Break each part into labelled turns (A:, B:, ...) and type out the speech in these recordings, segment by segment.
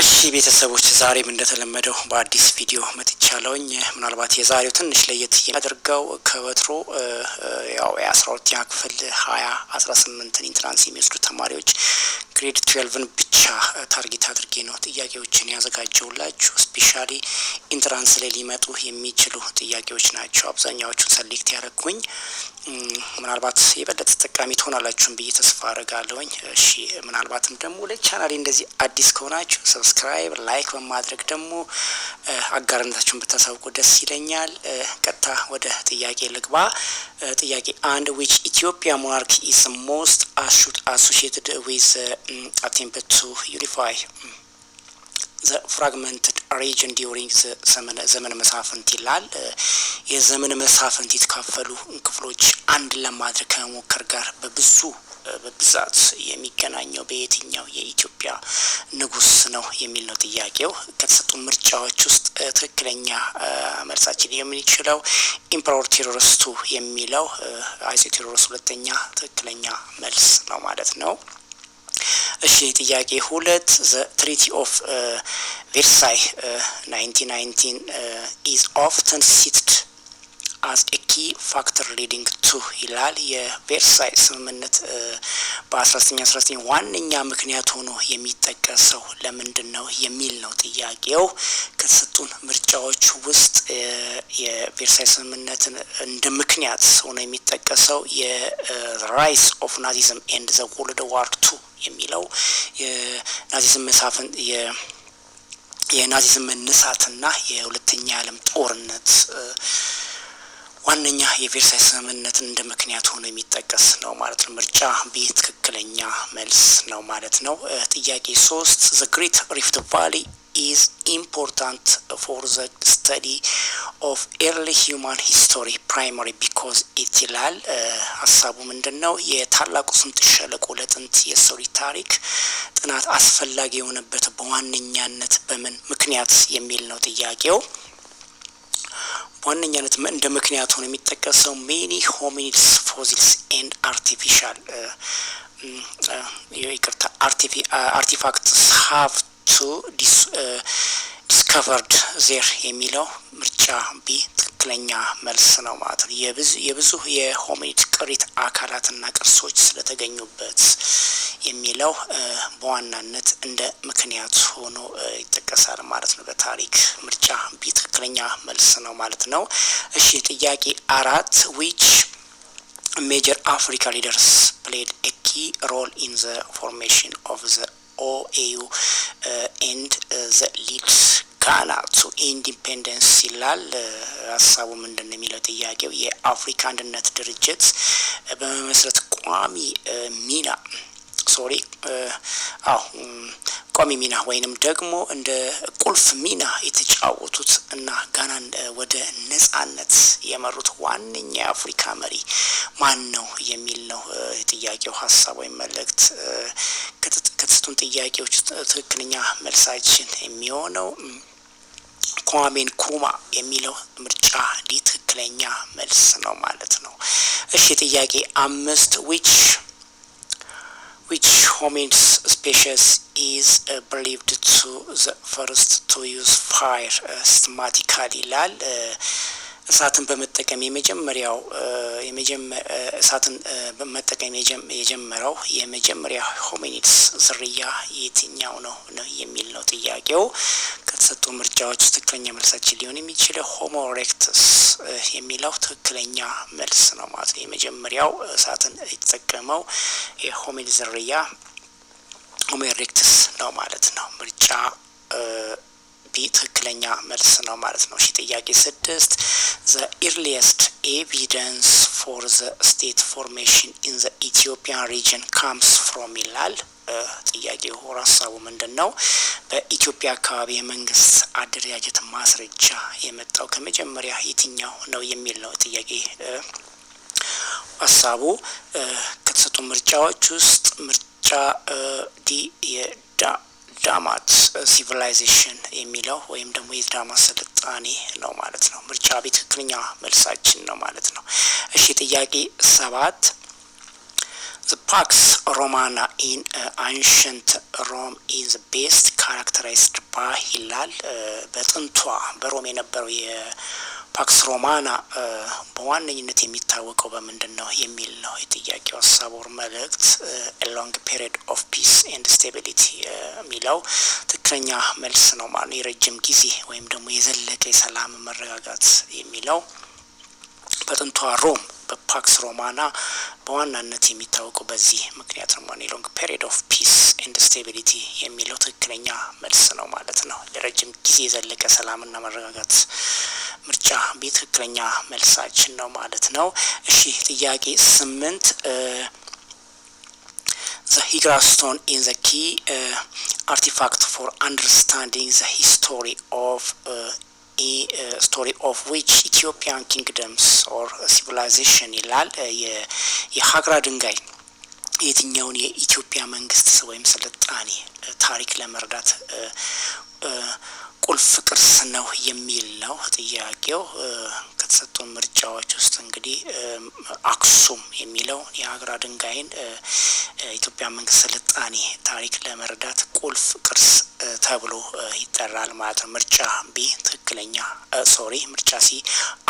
A: እሺ ቤተሰቦች ዛሬም እንደተለመደው በአዲስ ቪዲዮ መጥ ቻለውኝ። ምናልባት የዛሬው ትንሽ ለየት የሚያደርገው ከወትሮ ያው የአስራ ሁለተኛ ክፍል ሀያ አስራ ስምንትን ኢንትራንስ የሚወስዱ ተማሪዎች ግሬድ ትዌልቭን ብቻ ታርጌት አድርጌ ነው ጥያቄዎችን ያዘጋጀውላችሁ። ስፔሻሊ ኢንትራንስ ላይ ሊመጡ የሚችሉ ጥያቄዎች ናቸው አብዛኛዎቹን ሰሌክት ያደረግኩኝ። ምናልባት የበለጠ ተጠቃሚ ትሆናላችሁን ብዬ ተስፋ አድርጋለሁኝ። እሺ ምናልባትም ደግሞ ለቻናሌ እንደዚህ አዲስ ከሆናችሁ ሰብስክራይብ፣ ላይክ በማድረግ ደግሞ አጋርነታችሁ ሁለቱን ብታሳውቁ ደስ ይለኛል። ቀጥታ ወደ ጥያቄ ልግባ። ጥያቄ አንድ ዊች ኢትዮጵያ ሞናርክ ኢስ ሞስት አሹት አሶሽትድ ዊዝ አቴምፕት ቱ ዩኒፋይ ዘ ፍራግመንትድ ሬጅን ዲሪንግ ዘመን መሳፍንት ይላል። የዘመን መሳፍንት የተካፈሉ ክፍሎች አንድ ለማድረግ ከመሞከር ጋር በብዙ በብዛት የሚገናኘው በየትኛው የኢትዮጵያ ንጉስ ነው የሚል ነው ጥያቄው። ከተሰጡ ምርጫዎች ውስጥ ትክክለኛ መልሳችን የምንችለው ኢምፐሮር ቴዎድሮስ የሚለው አጼ ቴዎድሮስ ሁለተኛ ትክክለኛ መልስ ነው ማለት ነው። እሺ ጥያቄ ሁለት ዘ ትሪቲ ኦፍ ቬርሳይ ናይንቲን ናይንቲን ኢዝ ኦፍተን ሲትድ አስ ኤ ኪ ፋክተር ሊዲንግ ቱ ይላል። የቬርሳይ ስምምነት በ19 ዋነኛ ምክንያት ሆኖ የሚጠቀሰው ለምንድን ነው የሚል ነው ጥያቄው። ከተሰጡን ምርጫዎች ውስጥ የቬርሳይ ስምምነትን እንደ ምክንያት ሆኖ የሚጠቀሰው የራይስ ኦፍ ናዚዝም ኤንድ ዘ ወርልድ ዋር ቱ የሚለው የናዚዝም መሳፍን የናዚዝም መነሳትና የሁለተኛ ዓለም ጦርነት ዋነኛ የቬርሳይ ስምምነትን እንደ ምክንያት ሆኖ የሚጠቀስ ነው ማለት ነው። ምርጫ ቢ ትክክለኛ መልስ ነው ማለት ነው። ጥያቄ ሶስት ዘ ግሬት ሪፍት ቫሊ ኢዝ ኢምፖርታንት ፎር ዘ ስተዲ ኦፍ ኤርሊ ሂውማን ሂስቶሪ ፕራይማሪ ቢኮዝ ኢት ይላል። ሀሳቡ ምንድን ነው? የታላቁ ስምጥ ሸለቆ ለጥንት የሰው ታሪክ ጥናት አስፈላጊ የሆነበት በዋነኛነት በምን ምክንያት የሚል ነው ጥያቄው። ዋነኛነት እንደ ምክንያት ሆኖ የሚጠቀሰው ሜኒ ሆሚኒድስ ፎሲልስ ኤንድ አርቲፊሻል ይቅርታ አርቲፋክትስ ሀቭ ቱ ዲስከቨርድ ዜር የሚለው ምርጫ ቢ ትክክለኛ መልስ ነው ማለት ነው። የብዙ የሆሜድ ቅሪት አካላትና ቅርሶች ስለተገኙበት የሚለው በዋናነት እንደ ምክንያት ሆኖ ይጠቀሳል ማለት ነው። በታሪክ ምርጫ ቢ ትክክለኛ መልስ ነው ማለት ነው። እሺ ጥያቄ አራት ዊች ሜጀር አፍሪካ ሊደርስ ፕሌድ ኤ ኪ ሮል ኢን ዘ ፎርሜሽን ኦፍ ዘ ኦኤዩ ኤንድ ዘ ሊድስ ቃላቱ ኢንዲፔንደንስ ይላል። ሀሳቡ ምንድን ነው የሚለው ጥያቄው የአፍሪካ አንድነት ድርጅት በመመስረት ቋሚ ሚና ሶሪ አሁ ቋሚ ሚና ወይንም ደግሞ እንደ ቁልፍ ሚና የተጫወቱት እና ጋናን ወደ ነጻነት የመሩት ዋነኛ የአፍሪካ መሪ ማን ነው የሚል ነው ጥያቄው ሀሳብ ወይም መልእክት። ከተሰጡን ጥያቄዎች ትክክለኛ መልሳችን የሚሆነው kwame ንክሩማ የሚለው ምርጫ ዲ ትክክለኛ መልስ ነው ማለት ነው። እሺ ጥያቄ አምስት ዊች ዊች ሆሚንስ ስፔሽስ ኢዝ ብሊቭድ ቱ ዘ ፈርስት ቱ ዩዝ ፋይር ሲስተማቲካሊ ይላል። እሳትን በመጠቀም የመጀመሪያው እሳትን በመጠቀም የጀመረው የመጀመሪያ ሆሚኒድስ ዝርያ የትኛው ነው ነው የሚል ነው ጥያቄው። ከተሰጡ ምርጫዎች ትክክለኛ መልሳችን ሊሆን የሚችለው ሆሞ የሚለው ትክክለኛ መልስ ነው ማለት ነው። የመጀመሪያው እሳትን የተጠቀመው የሆሚኒድ ዝርያ ሆሞ ነው ማለት ነው ምርጫ ትክክለኛ መልስ ነው ማለት ነው። እሺ ጥያቄ ስድስት ዘ ኢርሊየስት ኤቪደንስ ፎር ዘ ስቴት ፎርሜሽን ኢን ዘ ኢትዮጵያን ሪጅን ካምስ ፍሮም ይላል። ጥያቄው ሀሳቡ ምንድን ነው? በኢትዮጵያ አካባቢ የመንግስት አደረጃጀት ማስረጃ የመጣው ከመጀመሪያ የትኛው ነው የሚል ነው ጥያቄ ሀሳቡ። ከተሰጡ ምርጫዎች ውስጥ ምርጫ ዲ የዳ ዳማት ሲቪላይዜሽን የሚለው ወይም ደግሞ የዳማት ስልጣኔ ነው ማለት ነው። ምርጫ ቤት ትክክለኛ መልሳችን ነው ማለት ነው። እሺ ጥያቄ ሰባት ዘ ፓክስ ሮማና ኢን አንሸንት ሮም ኢዝ ቤስት ካራክተራይዝድ ባህ ይላል። በጥንቷ በሮም የነበረው የ ፓክስ ሮማና በዋነኝነት የሚታወቀው በምንድን ነው የሚል ነው የጥያቄው ሀሳብ መልእክት። ሎንግ ፔሪድ ኦፍ ፒስ ኤንድ ስቴቢሊቲ የሚለው ትክክለኛ መልስ ነው ማለት የረጅም ጊዜ ወይም ደግሞ የዘለቀ የሰላም መረጋጋት የሚለው በጥንቷ ሮም በፓክስ ሮማና በዋናነት የሚታወቁ በዚህ ምክንያት ነው። ማን ሎንግ ፔሪድ ኦፍ ፒስ ኤንድ ስቴቢሊቲ የሚለው ትክክለኛ መልስ ነው ማለት ነው። ለረጅም ጊዜ የዘለቀ ሰላምና መረጋጋት ምርጫ ትክክለኛ መልሳችን ነው ማለት ነው። እሺ ጥያቄ ስምንት ዘ ሂግራስቶን ኢን ዘ ኪ አርቲፋክት ፎር አንደርስታንዲንግ ዘ ሂስቶሪ ኦፍ ስቶሪ ኦፍ ዊች ኢትዮጵያን ኪንግደምስ ኦር ሲቪላይዜሽን ይላል። uh, የሀግራ ድንጋይ የትኛውን የኢትዮጵያ መንግስት ወይም ስልጣኔ uh, ታሪክ ለመረዳት uh, ቁልፍ ቅርስ ነው የሚል ነው ጥያቄው። ከተሰጡ ምርጫዎች ውስጥ እንግዲህ አክሱም የሚለው የአገራ ድንጋይን ኢትዮጵያ መንግስት ስልጣኔ ታሪክ ለመረዳት ቁልፍ ቅርስ ተብሎ ይጠራል ማለት ነው። ምርጫ ቢ ትክክለኛ ሶሪ፣ ምርጫ ሲ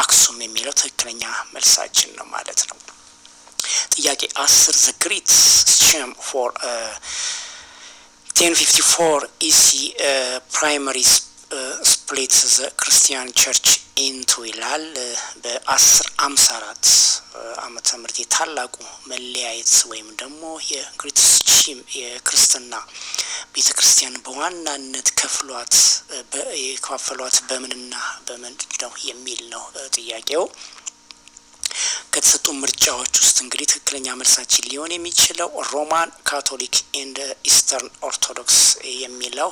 A: አክሱም የሚለው ትክክለኛ መልሳችን ነው ማለት ነው። ጥያቄ አስር ዘ ግሪት ስም ፎር ቴን ፊፍቲ ፎር ኢሲ ፕራይመሪ ስፕሊት ዘ ክርስቲያን ቸርች ኢንቱ ይላል። በአስር አምሳ አራት አመተ ምህረት የታላቁ መለያየት ወይም ደግሞ የግሪት የክርስትና ቤተ ክርስቲያን በዋናነት ከፍሏት የከፋፈሏት በምንና በምን ነው የሚል ነው ጥያቄው። ከተሰጡ ምርጫዎች ውስጥ እንግዲህ ትክክለኛ መልሳችን ሊሆን የሚችለው ሮማን ካቶሊክ ኤንድ ኢስተርን ኦርቶዶክስ የሚለው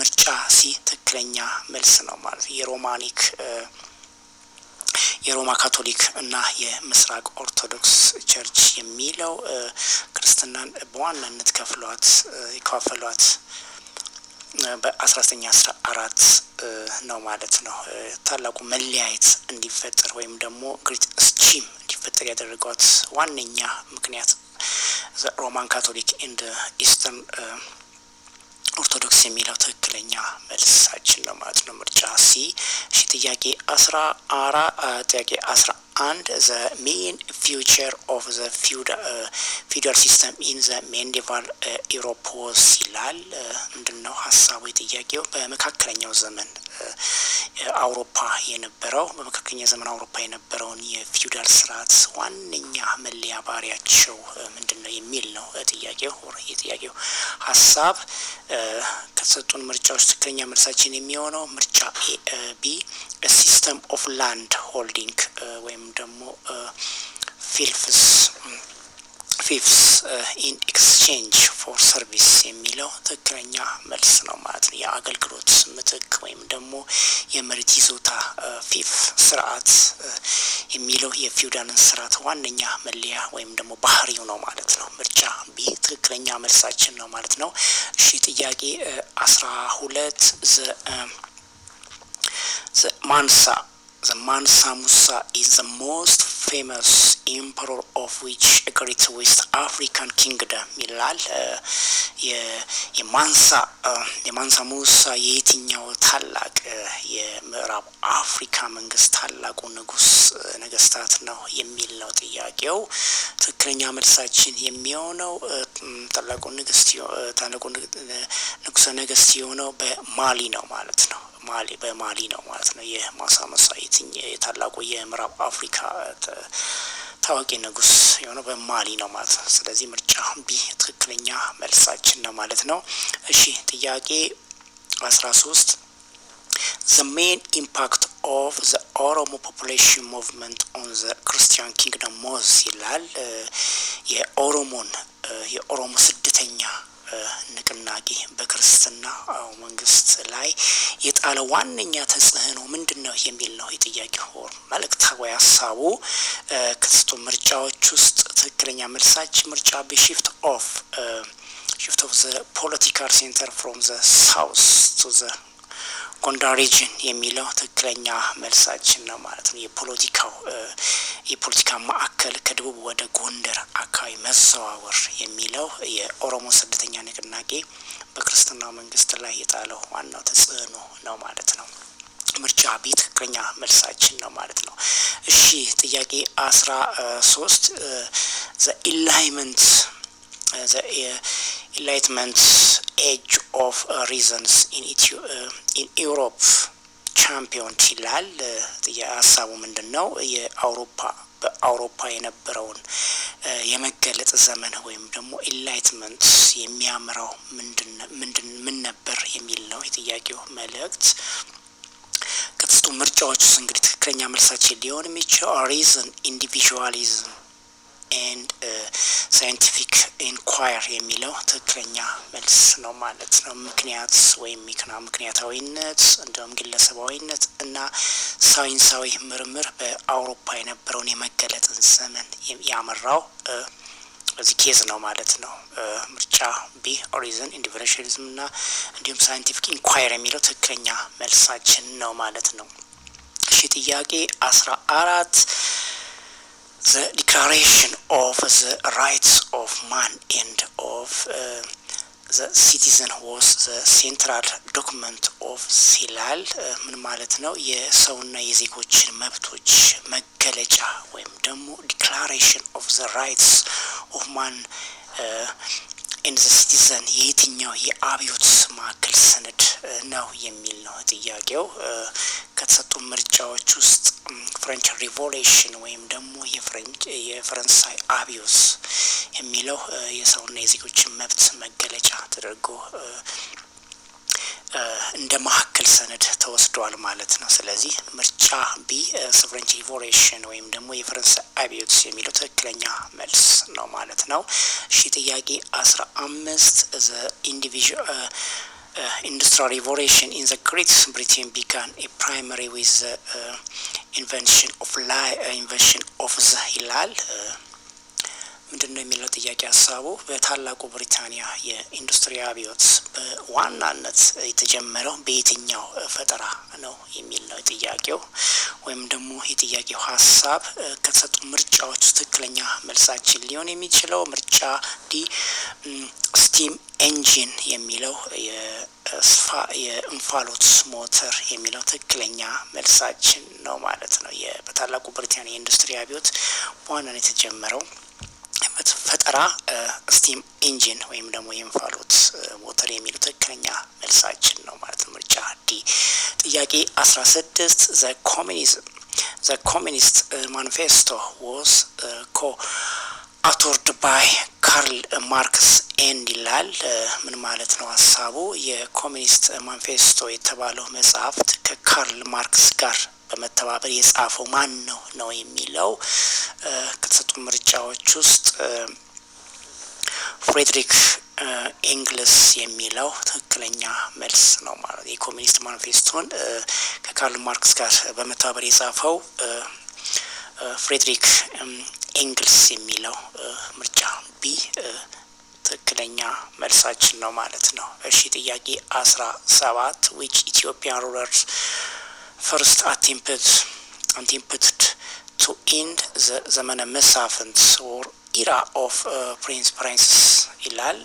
A: ምርጫ ሲ ትክክለኛ መልስ ነው ማለት የሮማኒክ የሮማ ካቶሊክ እና የምስራቅ ኦርቶዶክስ ቸርች የሚለው ክርስትናን በዋናነት ከፍሏት የከፋፈሏት በአስራተኛ አስራ አራት ነው ማለት ነው ታላቁ መለያየት እንዲፈጠር ወይም ደግሞ ግሪት ስቺም እንዲፈጠር ያደረጓት ዋነኛ ምክንያት ሮማን ካቶሊክ ኤንድ ኢስተርን ኦርቶዶክስ የሚለው ትክክለኛ መልሳችን ነው ማለት ነው። ምርጫ ሲ ሺ ጥያቄ አስራ አራ ጥያቄ አስራ አንድ ዘ ሜን ፊውቸር ኦፍ ዘ in ሲስተም ኢን ዘ ሜንዲቫል ኢሮፖስ ይላል። ምንድን ነው ሀሳቡ? የጥያቄው በመካከለኛው ዘመን uh, አውሮፓ የነበረው በመካከለኛ ዘመን አውሮፓ የነበረውን የፊውዳል ስርዓት ዋነኛ መለያ ባሪያቸው uh, ምንድን ነው የሚል ነው ጥያቄው። የጥያቄው ሀሳብ uh, ከተሰጡን ምርጫዎች ትክክለኛ መልሳችን የሚሆነው ምርጫ ቢ ሲስተም ኦፍ ላንድ ሆልዲንግ ወይም ወይም ደግሞ ፊልፍስ ፊፍስ ኢን ኤክስቼንጅ ፎር ሰርቪስ የሚለው ትክክለኛ መልስ ነው ማለት ነው። የአገልግሎት ምትክ ወይም ደግሞ የመሬት ይዞታ ፊፍ ስርዓት የሚለው የፊውዳልን ስርዓት ዋነኛ መለያ ወይም ደግሞ ባህሪው ነው ማለት ነው። ምርጫ ቢ ትክክለኛ መልሳችን ነው ማለት ነው። እሺ ጥያቄ አስራ ሁለት ዘ ማንሳ The Mansa Musa is the most famous emperor of which great west african kingdom ይላል። የማንሳ የማንሳ ሙሳ የየትኛው ታላቅ የምዕራብ አፍሪካ መንግስት ታላቁ ንጉስ ነገስታት ነው የሚል ነው ጥያቄው። ትክክለኛ መልሳችን የሚሆነው ታላቁ ንጉስ ታላቁ ንጉሰ ነገስት የሆነው በማሊ ነው ማለት ነው። ማሊ በማሊ ነው ማለት ነው። ይህ ማሳመሳ የታላቁ የምዕራብ አፍሪካ ታዋቂ ንጉስ የሆነው በማሊ ነው ማለት ነው። ስለዚህ ምርጫ ቢ ትክክለኛ መልሳችን ነው ማለት ነው። እሺ ጥያቄ አስራ ሶስት ዘ ሜን ኢምፓክት ኦፍ ዘ ኦሮሞ ፖፑሌሽን ሙቭመንት ኦን ዘ ክርስቲያን ኪንግደም ሞዝ ይላል የኦሮሞን የኦሮሞ ስደተኛ ንቅናቄ በክርስትና መንግስት ላይ የጣለ ዋነኛ ተጽዕኖ ምንድን ነው የሚል ነው የጥያቄ ሆር መልእክታዊ ሀሳቡ። ክስቱ ምርጫዎች ውስጥ ትክክለኛ መልሳች ምርጫ ቢሽፍት ኦፍ ሽፍት ኦፍ ዘ ፖለቲካል ሴንተር ፍሮም ዘ ሳውስ ቱ ዘ ጎንደር ሪጅን የሚለው ትክክለኛ መልሳችን ነው ማለት ነው። የፖለቲካው የፖለቲካ ማዕከል ከደቡብ ወደ ጎንደር አካባቢ መዘዋወር የሚለው የኦሮሞ ስደተኛ ንቅናቄ በክርስትናው መንግስት ላይ የጣለው ዋናው ተጽዕኖ ነው ማለት ነው። ምርጫ ቤት ትክክለኛ መልሳችን ነው ማለት ነው። እሺ ጥያቄ አስራ ሶስት ዘ ኢንላይመንት ዘ ኢንላይትመንት ኤጅ ኦፍ ሪዘንስ ኢን ኢውሮፕ ቻምፒዮንስ ይላል። ሀሳቡ ምንድን ነው? የአውሮፓ በአውሮፓ የነበረውን uh, የመገለጥ ዘመን ወይም ደግሞ ኢንላይትመንት የሚያምራው ምንድን ምን ነበር የሚል ነው የጥያቄው መልእክት። ቅጽቱ ምርጫዎች ውስጥ እንግዲህ ትክክለኛ መልሳችን ሊሆን የሚችለው ሪዝን ኢንዲቪዥዋሊዝም ኤንድ ሳይንቲፊክ ኢንኳየር የሚለው ትክክለኛ መልስ ነው ማለት ነው። ምክንያት ወይም ምክንያታዊነት እንዲሁም ግለሰባዊነት እና ሳይንሳዊ ምርምር በአውሮፓ የነበረውን የመገለጥን ዘመን ያመራው እዚህ ኬዝ ነው ማለት ነው። ምርጫ ቢ ሪዝን ኢንዲቪዥዋሊዝም እና እንዲሁም ሳይንቲፊክ ኢንኳየር የሚለው ትክክለኛ መልሳችን ነው ማለት ነው። እሺ ጥያቄ አስራ አራት the Declaration of the Rights of Man and of uh, the Citizen was the central document of ሲላል uh, ምን ማለት ነው? የሰውና የዜጎችን መብቶች መገለጫ ወይም ደግሞ ዲክላሬሽን ኦፍ ዘ ራይትስ ኦፍ ማን ኤንድ ሲቲዘን የየትኛው የአብዮት ማዕከል ሰነድ ነው የሚል ነው ጥያቄው። ከተሰጡ ምርጫዎች ውስጥ ፍሬንች ሪቮሉሽን ወይም ደግሞ የፈረንሳይ አብዮት የሚለው የሰውና የዜጎችን መብት መገለጫ ተደርጎ እንደ ማዕከል ሰነድ ተወስዷል ማለት ነው። ስለዚህ ምርጫ ቢ ሶቨረን ሪቮሉሽን ወይም ደግሞ የፈረንሳይ አብዮት የሚለው ትክክለኛ መልስ ነው ማለት ነው። እሺ ጥያቄ አስራ አምስት ዘ ኢንዲቪዥዋል ኢንዱስትሪያል ሪቮሉሽን ኢን ዘ ግሬት ብሪቴን ቢጋን ኤ ፕራይመሪ ዊዝ ኢንቨንሽን ኦፍ ላይ ኢንቨንሽን ኦፍ ዘ ይላል ምንድን ነው የሚለው ጥያቄ ሀሳቡ በታላቁ ብሪታንያ የኢንዱስትሪ አብዮት በዋናነት የተጀመረው በየትኛው ፈጠራ ነው የሚል ነው ጥያቄው፣ ወይም ደግሞ የጥያቄው ሀሳብ ከተሰጡ ምርጫዎች ትክክለኛ መልሳችን ሊሆን የሚችለው ምርጫ ዲ ስቲም ኤንጂን የሚለው የእንፋሎት ሞተር የሚለው ትክክለኛ መልሳችን ነው ማለት ነው። በታላቁ ብሪታንያ የኢንዱስትሪ አብዮት በዋናነት የተጀመረው ፈጠራ ስቲም ኢንጂን ወይም ደግሞ የእንፋሎት ሞተር የሚሉ ትክክለኛ መልሳችን ነው ማለት ነው። ምርጫ ዲ። ጥያቄ አስራ ስድስት ዘ ኮሚኒዝም ዘ ኮሚኒስት ማኒፌስቶ ዎስ ኮ አቶርድ ባይ ካርል ማርክስ ኤንድ ይላል። ምን ማለት ነው? ሀሳቡ የኮሚኒስት ማኒፌስቶ የተባለው መጽሐፍት ከካርል ማርክስ ጋር በመተባበር የጻፈው ማን ነው ነው የሚለው ከተሰጡ ምርጫዎች ውስጥ ፍሬድሪክ ኤንግልስ የሚለው ትክክለኛ መልስ ነው ማለት የኮሚኒስት ማኒፌስቶን ከካርል ማርክስ ጋር በመተባበር የጻፈው ፍሬድሪክ ኤንግልስ የሚለው ምርጫ ቢ ትክክለኛ መልሳችን ነው ማለት ነው። እሺ ጥያቄ አስራ ሰባት ዊች ኢትዮጵያን ሩለርስ ፈርስት አቴምፕት አቴምፕትድ ቱ ኢንድ ዘመነ መሳፍንት ኦር ኢራ ኦፍ ፕሪንስ ፕራንሲስ ይላል።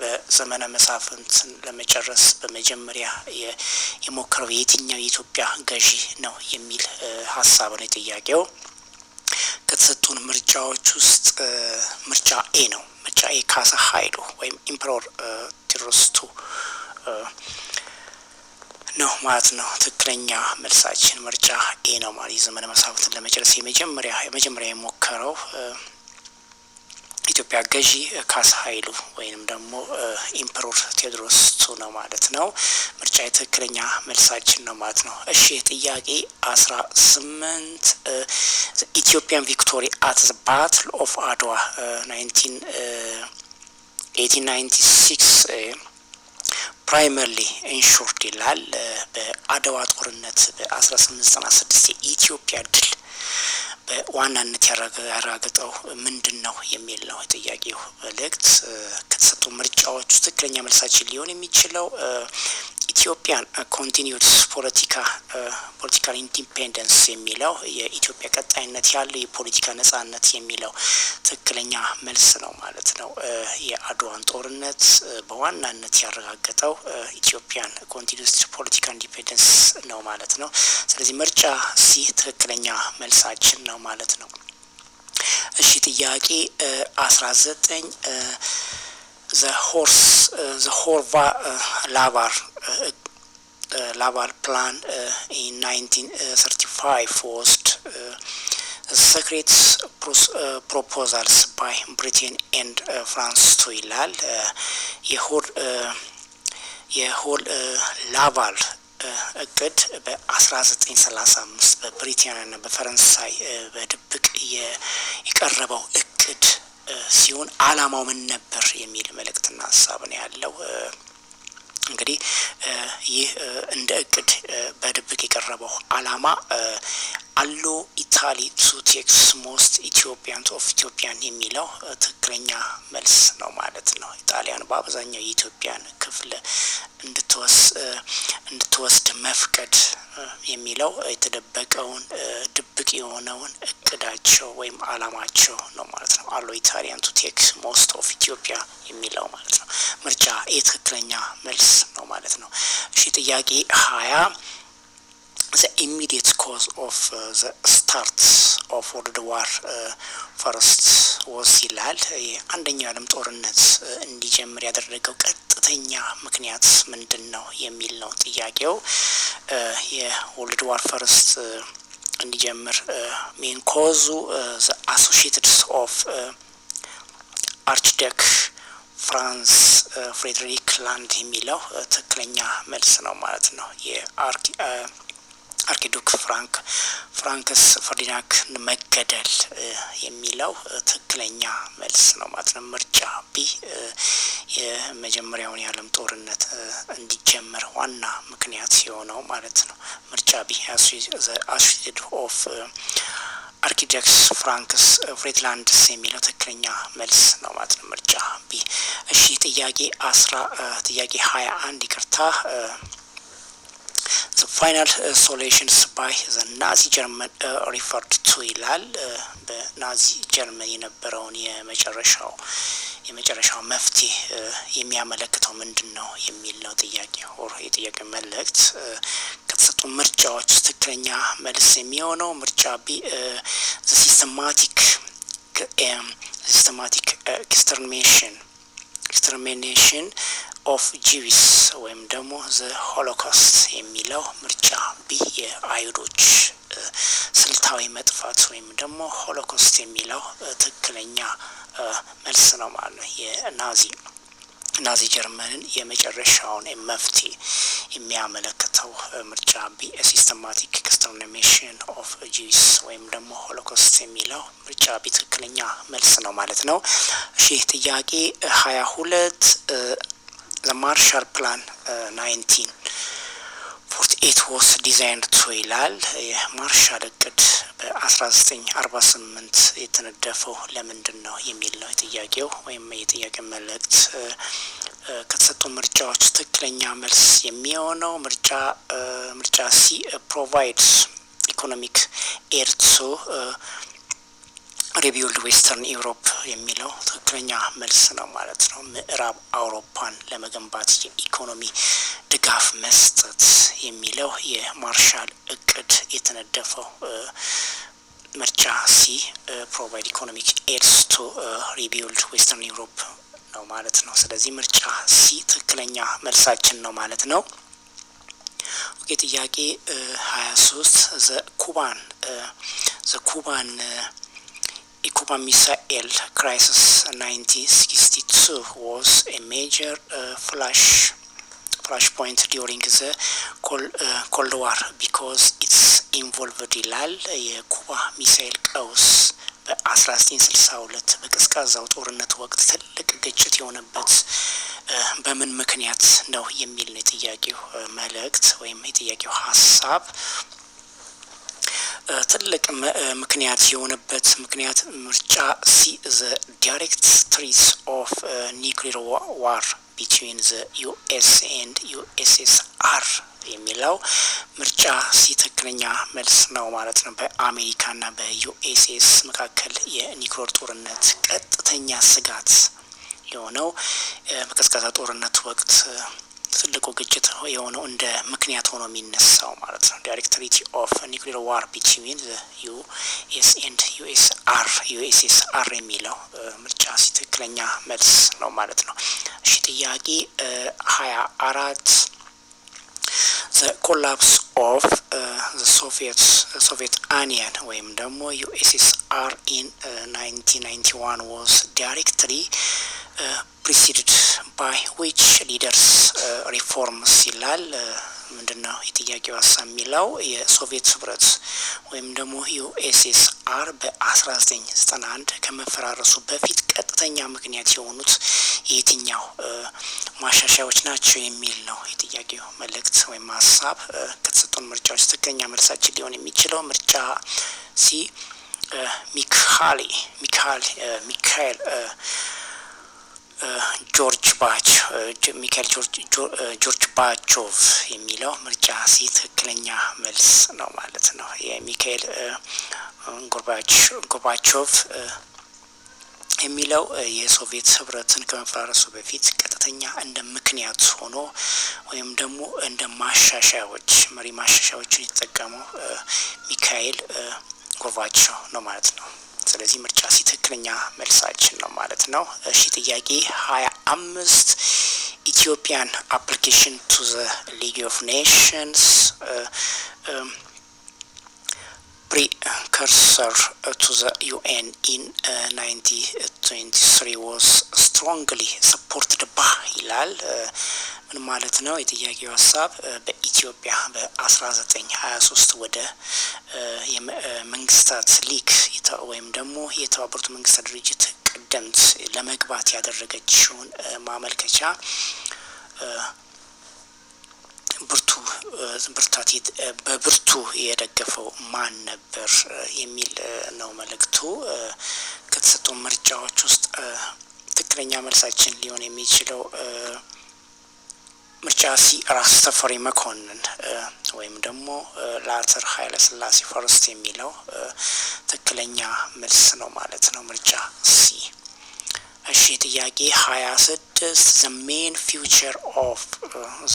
A: በዘመነ መሳፍንትን ለመጨረስ በመጀመሪያ የሞከረው የትኛው የኢትዮጵያ ገዢ ነው የሚል uh, ሀሳብ ነው የጥያቄው። ከተሰጡን ምርጫዎች ውስጥ uh, ምርጫ ኤ ነው። ምርጫ ኤ ካሳ ሀይሉ ወይም ኢምፕሮር uh, ቴዎድሮስ ቱ ነው ማለት ነው። ትክክለኛ መልሳችን ምርጫ ኤ ነው ማለት የዘመነ መሳፍንትን ለመጨረስ የመጀመሪያ የመጀመሪያ የሞከረው ኢትዮጵያ ገዢ ካሳ ኃይሉ ወይንም ደግሞ ኢምፐሮር ቴዎድሮስ ቱ ነው ማለት ነው። ምርጫ የትክክለኛ መልሳችን ነው ማለት ነው። እሺ ጥያቄ አስራ ስምንት ኢትዮጵያን ቪክቶሪ አት ባትል ኦፍ አድዋ ናይንቲን ኤቲን ናይንቲ ሲክስ ፕራይመርሊ ኢንሹርድ ይላል። በአድዋ ጦርነት በ1896 የኢትዮጵያ ድል በዋናነት ያረጋገጠው ምንድን ነው የሚል ነው የጥያቄው መልእክት ከተሰጡ ምርጫዎች ትክክለኛ መልሳችን ሊሆን የሚችለው ኢትዮጵያን ኮንቲኒዩስ ፖለቲካ ፖለቲካል ኢንዲፔንደንስ የሚለው የኢትዮጵያ ቀጣይነት ያለው የፖለቲካ ነጻነት የሚለው ትክክለኛ መልስ ነው ማለት ነው። የአድዋን ጦርነት በዋናነት ያረጋገጠው ኢትዮጵያን ኮንቲኒዩስ ፖለቲካ ኢንዲፔንደንስ ነው ማለት ነው። ስለዚህ ምርጫ ሲ ትክክለኛ መልሳችን ነው ማለት ነው። እሺ ጥያቄ አስራ ዘጠኝ the horse uh, the Horva uh, lava uh, lava plan in 1935 was secret uh, proposals by Britain and uh, France to ይላል የሆል ላቫል እቅድ በ1935 በብሪታንያና በፈረንሳይ በድብቅ የቀረበው እቅድ ሲሆን አላማው ምን ነበር የሚል መልእክትና ሀሳብ ነው ያለው። እንግዲህ ይህ እንደ እቅድ በድብቅ የቀረበው አላማ አሎ ኢታሊ ቱ ቴክስ ሞስት ኢትዮጵያንስ ኦፍ ኢትዮጵያን የሚለው ትክክለኛ መልስ ነው ማለት ነው። ኢጣሊያን በአብዛኛው የኢትዮጵያን ክፍል እንድትወስድ መፍቀድ የሚለው የተደበቀውን ድብቅ የሆነውን እቅዳቸው ወይም አላማቸው ነው ማለት ነው። አሎይታሪያን ቱ ቴክ ሞስት ኦፍ ኢትዮጵያ የሚለው ማለት ነው። ምርጫ የትክክለኛ ትክክለኛ መልስ ነው ማለት ነው። እሺ ጥያቄ ሀያ the immediate cause of uh, the start of ወርልድ ዋር ፈርስት ወስ ይላል። አንደኛው የዓለም ጦርነት uh, እንዲጀምር ያደረገው ቀጥተኛ ምክንያት ምንድን ነው የሚል ነው ጥያቄው። uh, የወርልድ ዋር ፈርስት እንዲጀምር ሜን ኮዙ ዘ አሶሺየትድ ኦፍ አርችዴክ ፍራንስ ፍሬድሪክ ላንድ የሚለው ትክክለኛ መልስ ነው ማለት ነው። አርኪዱክ ፍራንክ ፍራንክስ ፈርዲናክ መገደል የሚለው ትክክለኛ መልስ ነው ማለት ነው። ምርጫ ቢ የመጀመሪያውን የዓለም ጦርነት እንዲጀመር ዋና ምክንያት የሆነው ማለት ነው። ምርጫ ቢ አስዊድ ኦፍ አርኪቴክስ ፍራንክስ ፍሬትላንድስ የሚለው ትክክለኛ መልስ ነው ማለት ነው። ምርጫ ቢ። እሺ ጥያቄ አስራ ጥያቄ ሀያ አንድ ይቅርታ ዘ ፋይናል ሶሉሽንስ ባይ ዘ ናዚ ጀርመን ሪፈርድ ቱ ይላል። በናዚ ጀርመን የነበረውን የመጨረሻው የመጨረሻው መፍትሄ uh, የሚያመለክተው ምንድን ነው የሚል ነው ጥያቄ ኦር የጥያቄ መልእክት። uh, ከተሰጡ ምርጫዎች ትክክለኛ መልስ የሚሆነው ምርጫ ቢ ዘ ሲስተማቲክ ሲስተማቲክ ኤክስተርሚኔሽን ኤክስተርሚኔሽን ኦፍ ጂዊስ ወይም ደግሞ ዘ ሆሎኮስት የሚለው ምርጫ ቢ የአይሁዶች ስልታዊ መጥፋት ወይም ደግሞ ሆሎኮስት የሚለው ትክክለኛ መልስ ነው ማለት ነው። የናዚ ናዚ ጀርመንን የመጨረሻውን መፍት የሚያመለክተው ምርጫ ቢ ሲስተማቲክ ኤክስተርሚኔሽን ኦፍ ጂውስ ወይም ደግሞ ሆሎኮስት የሚለው ምርጫ ቢ ትክክለኛ መልስ ነው ማለት ነው። እሺ ጥያቄ ሀያ ሁለት ማርሻል ፕላን ናይንቲን ፎርቲ ኤት ወስ ዲዛይንድ ቱ ይላል። የማርሻል እቅድ በ1948 የተነደፈው ለምንድን ነው የሚል ነው የጥያቄው ወይም የጥያቄ መልእክት። uh, uh, ከተሰጡ ምርጫዎች ትክክለኛ መልስ የሚሆነው ምርጫ uh, ምርጫ ሲ ፕሮቫይድስ ኢኮኖሚክ ኤድ ሪቢውልድ ዌስተርን ዩሮፕ የሚለው ትክክለኛ መልስ ነው ማለት ነው። ምዕራብ አውሮፓን ለመገንባት የኢኮኖሚ ድጋፍ መስጠት የሚለው የማርሻል እቅድ የተነደፈው ምርጫ ሲ ፕሮቫይድ ኢኮኖሚክ ኤድስ ቱ ሪቢውልድ ዌስተርን ዩሮፕ ነው ማለት ነው። ስለዚህ ምርጫ ሲ ትክክለኛ መልሳችን ነው ማለት ነው። ኦኬ ጥያቄ ሀያ ሶስት ዘ ኩባን ዘ ኩባን ኢኮኖሚሳኤል ክራይሲስ 1962 ዋዝ ኤ ሜጀር ፍላሽ ፍላሽ ፖይንት ዲሪንግ ዘ ኮልድ ዋር ቢኮዝ ኢትስ ኢንቮልቭድ ይላል የኩባ ሚሳኤል ቀውስ በ1962 በቀዝቃዛው ጦርነት ወቅት ትልቅ ግጭት የሆነበት uh, በምን ምክንያት ነው የሚል ነው የጥያቄው uh, መልእክት ወይም የጥያቄው ሀሳብ። ትልቅ ምክንያት የሆነበት ምክንያት ምርጫ ሲ ዘ ዳይሬክት ትሪትስ ኦፍ ኒውክሊር ዋር ቢትዊን ዘ ዩኤስ ኤንድ ዩኤስኤስአር የሚለው ምርጫ ሲ ትክክለኛ መልስ ነው ማለት ነው። በአሜሪካና በዩኤስኤስ መካከል የኒውክሌር ጦርነት ቀጥተኛ ስጋት የሆነው በቀዝቃዛ ጦርነት ወቅት ትልቁ ግጭት የሆነው እንደ ምክንያት ሆኖ የሚነሳው ማለት ነው። ዳይሬክትሪቲ ኦፍ ኒውክሊር ዋር ቢትዊን ዩ ኤስ ኤንድ ዩ ኤስ አር ዩ ኤስ ኤስ አር የሚለው ምርጫ ትክክለኛ መልስ ነው ማለት ነው። እሺ ጥያቄ ሀያ አራት ዘ ኮላፕስ ኦፍ ሶቪየት ሶቪየት አንያን ወይም ደግሞ ዩኤስኤስ are in 1991 uh, was directly uh, preceded by which leaders uh, reforms ይላል። ምንድን ነው የጥያቄው ሀሳብ የሚለው የሶቪየት ህብረት ወይም ደግሞ ዩኤስኤስአር በ1991 ከመፈራረሱ በፊት ቀጥተኛ ምክንያት የሆኑት የትኛው ማሻሻያዎች ናቸው የሚል ነው የጥያቄው መልእክት ወይም ሀሳብ። ከተሰጡን ምርጫዎች ትክክለኛ መልሳችን ሊሆን የሚችለው ምርጫ ሲ ሚካሊ ሚካኤል ጆርጅ ባች ሚካኤል ጆርጅ ባቾቭ የሚለው ምርጫ ሲ ትክክለኛ መልስ ነው ማለት ነው። የሚካኤል eh, ጎርባቾቭ eh, የሚለው eh, የሶቪየት ህብረትን ከመፈራረሱ በፊት ቀጥተኛ እንደ ምክንያት ሆኖ ወይም ደግሞ እንደ ማሻሻያዎች መሪ ማሻሻያዎችን የተጠቀመው ሚካኤል ጎባቸው ነው ማለት ነው። ስለዚህ ምርጫ ሲ ትክክለኛ መልሳችን ነው ማለት ነው። እሺ ጥያቄ ሀያ አምስት ኢትዮጵያን አፕሊኬሽን ቱ ዘ ሊግ ኦፍ ኔሽንስ precursor to the UN in 1923 uh, was strongly supported by ይላል። uh, ምን ማለት ነው? የጥያቄው ሀሳብ uh, በኢትዮጵያ በ1923 ወደ መንግስታት ሊግ ወይም ደግሞ የተባበሩት መንግስታት ድርጅት ቀደምት ለመግባት ያደረገችውን ማመልከቻ ብርቱ ብርታት በብርቱ የደገፈው ማን ነበር የሚል ነው መልእክቱ። ከተሰጡ ምርጫዎች ውስጥ ትክክለኛ መልሳችን ሊሆን የሚችለው ምርጫ ሲ ራስ ተፈሪ መኮንን ወይም ደግሞ ላተር ኃይለ ስላሴ ፈርስት የሚለው ትክክለኛ መልስ ነው ማለት ነው። ምርጫ ሲ። እሺ ጥያቄ ሀያ ስድስት ዘ ሜን ፊውቸር ኦፍ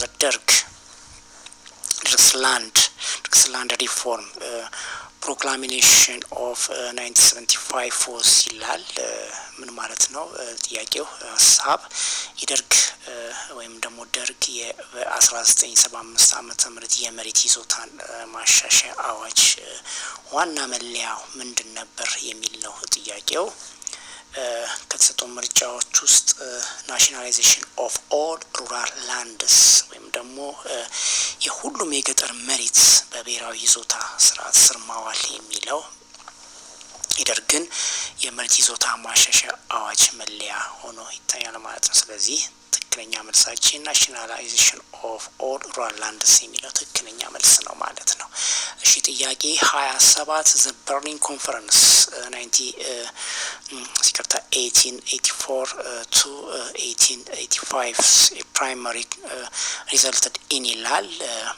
A: ዘ ደርግ ድርክስላንድ ድርክስላንድ ሪፎርም ፕሮክላሚኔሽን ኦፍ ናይንቲን ሰቨንቲ ይላል። uh, ምን ማለት ነው? Uh, ጥያቄው ሀሳብ የደርግ uh, ወይም ደግሞ ደርግ በአስራ ዘጠኝ ዓመተ ምህረት የመሬት ይዞታን ማሻሻያ አዋጅ ዋና መለያው ምንድን ነበር የሚል ነው ጥያቄው። ከተሰጡ ምርጫዎች ውስጥ ናሽናላይዜሽን ኦፍ ኦል ሩራል ላንድስ ወይም ደግሞ የሁሉም የገጠር መሬት በብሔራዊ ይዞታ ስርዓት ስር ማዋል የሚለው የደርግን የመሬት ይዞታ ማሻሻያ አዋጅ መለያ ሆኖ ይታያል ማለት ነው። ስለዚህ ትክክለኛ መልሳችን ናሽናላይዜሽን ኦፍ ኦል ሩራል ላንድስ የሚለው ትክክለኛ መልስ ነው ማለት ነው። እሺ ጥያቄ ሀያ ሰባት ዘ በርሊን ኮንፈረንስ ናይንቲ ሲቀርታ ኤይቲን ኤይቲ ፎር ቱ ኤይቲን ኤይቲ ፋይቭ ፕራይማሪ ሪዘልትድ ኢን ይላል። uh,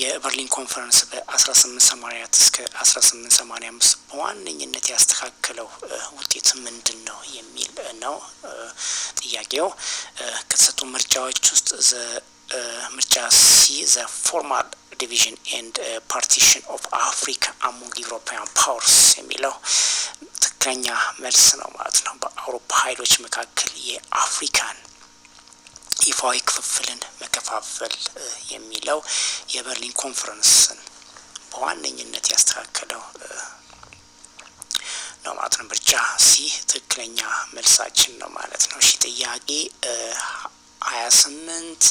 A: የበርሊን ኮንፈረንስ በ1885 እስከ 1885 በዋነኝነት ያስተካከለው ውጤት ምንድን ነው የሚል ነው ጥያቄው። ከተሰጡ ምርጫዎች ውስጥ ምርጫ ሲ ዘ ፎርማል ዲቪዥን ኤንድ ፓርቲሽን ኦፍ አፍሪካ አሞንግ ዩሮፓያን ፓወርስ የሚለው ትክክለኛ መልስ ነው ማለት ነው። በአውሮፓ ኃይሎች መካከል የአፍሪካን ይፋዊ ክፍልን መከፋፈል የሚለው የበርሊን ኮንፈረንስን በዋነኝነት ያስተካከለው ነው ማለት ነው። ምርጫ ሲ ትክክለኛ መልሳችን ነው ማለት ነው። እሺ ጥያቄ ሀያ ስምንት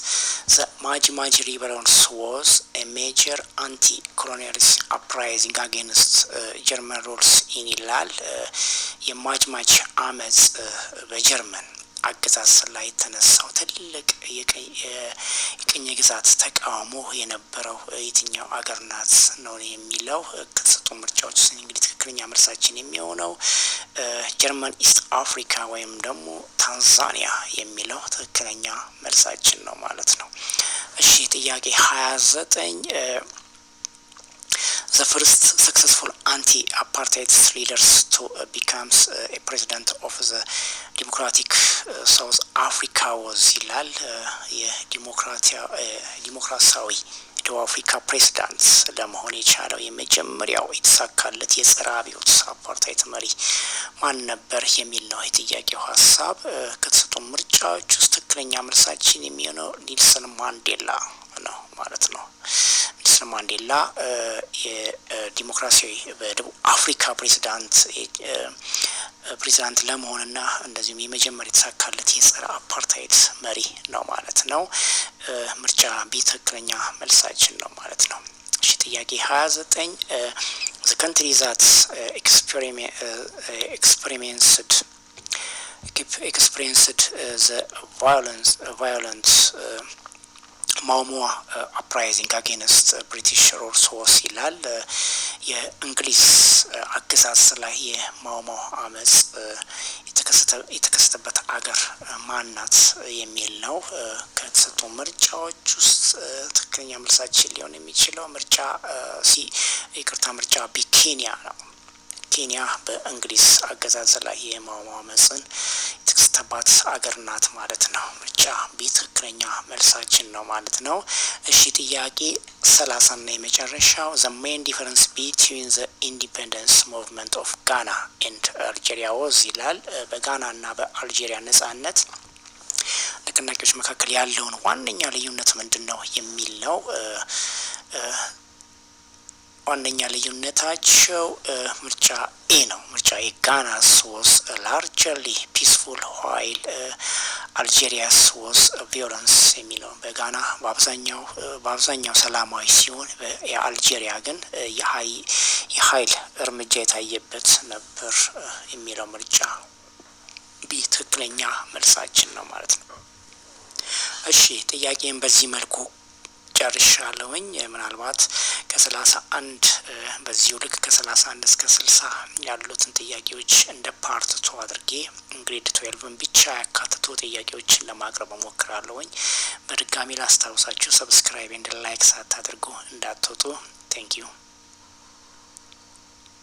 A: ማጅ ማጅ ሪቨረንስ ዋዝ ኤ ሜጀር አንቲ ኮሎኒያሊስ አፕራይዚንግ አጌንስት ጀርመን ሮልስ ኢን ይላል። የማጅ ማጅ አመፅ በጀርመን አገዛዝ ላይ የተነሳው ትልቅ የቅኝ ግዛት ተቃውሞ የነበረው የትኛው አገር ናት ነው የሚለው ከተሰጡ ምርጫዎች እንግዲህ ትክክለኛ ምርሳችን የሚሆነው ጀርመን ኢስት አፍሪካ ወይም ደግሞ ታንዛኒያ የሚለው ትክክለኛ መልሳችን ነው ማለት ነው። እሺ ጥያቄ ሀያ ዘጠኝ ዘ ፍርስት ሰክሰስፉል አንቲ አፓርታይድ ሊደርስ ቱ ቢካምስ ፕሬዚዳንት ኦፍ ዘ ዲሞክራቲክ ሳውዝ አፍሪካ ወዝ ይላል። የዲሞክራሲያዊ ደቡብ አፍሪካ ፕሬዚዳንት ለመሆን የቻለው የመጀመሪያው የተሳካለት የጸረ አብዮት አፓርታይት መሪ ማን ነበር የሚል ነው የጥያቄው ሀሳብ። ከተሰጡ ምርጫዎች ውስጥ ትክክለኛ መልሳችን የሚሆነው ኔልሰን ማንዴላ ነው ማለት ነው። ኔልሰን ማንዴላ የዲሞክራሲያዊ በደቡብ አፍሪካ ፕሬዚዳንት ፕሬዚዳንት ለመሆንና እንደዚሁም የመጀመሪያ የተሳካለት የጸረ አፓርታይድ መሪ ነው ማለት ነው። ምርጫ ቢ ትክክለኛ መልሳችን ነው ማለት ነው። እሺ ጥያቄ ሀያ ዘጠኝ ዘ ካንትሪ ዛት ኤክስፔሪሜንስድ ኤክስፔሪንስድ ዘ ቫዮለንስ ማውሞዋ አፕራይዚንግ አጌንስት ብሪቲሽ ሮር ሶስ ይላል። የእንግሊዝ አገዛዝ ላይ የማውሞ አመፅ የተከሰተበት አገር ማናት የሚል ነው። ከተሰጡ ምርጫዎች ውስጥ ትክክለኛ መልሳችን ሊሆን የሚችለው ምርጫ ሲ ይቅርታ ምርጫ ቢ ኬንያ ነው። ኬንያ በእንግሊዝ አገዛዝ ላይ የመማመፅን የተከሰተባት አገር ናት ማለት ነው። ምርጫ ቢ ትክክለኛ መልሳችን ነው ማለት ነው። እሺ ጥያቄ ሰላሳ ና የመጨረሻው ዘ ሜን ዲፈረንስ ቢትዊን ዘ ኢንዲፐንደንስ ሞቭመንት ኦፍ ጋና ኤንድ አልጄሪያ ወዝ ይላል። በጋና ና በአልጄሪያ ነጻነት ንቅናቄዎች መካከል ያለውን ዋነኛ ልዩነት ምንድን ነው የሚል ነው። ዋነኛ ልዩነታቸው ምርጫ ኤ ነው። ምርጫ ኤ ጋና ወስ ላርጀርሊ ፒስፉል ዋይል አልጄሪያስ ወስ ቪዮለንስ የሚለውን በጋና በአብዛኛው በአብዛኛው ሰላማዊ ሲሆን የአልጄሪያ ግን የሀይል እርምጃ የታየበት ነበር የሚለው ምርጫ ቢ ትክክለኛ መልሳችን ነው ማለት ነው። እሺ ጥያቄን በዚህ መልኩ ጨርሻለሁኝ። ምናልባት ከሰላሳ አንድ በዚሁ ልክ ከሰላሳ አንድ እስከ ስልሳ ያሉትን ጥያቄዎች እንደ ፓርት ቱ አድርጌ እንግሬድ ትዌልቭን ብቻ ያካትቶ ጥያቄዎችን ለማቅረብ እሞክራለሁኝ። በድጋሚ ላስታውሳችሁ ሰብስክራይብ እንድ ላይክ ሳታደርጉ እንዳትወጡ። ቴንክ ዩ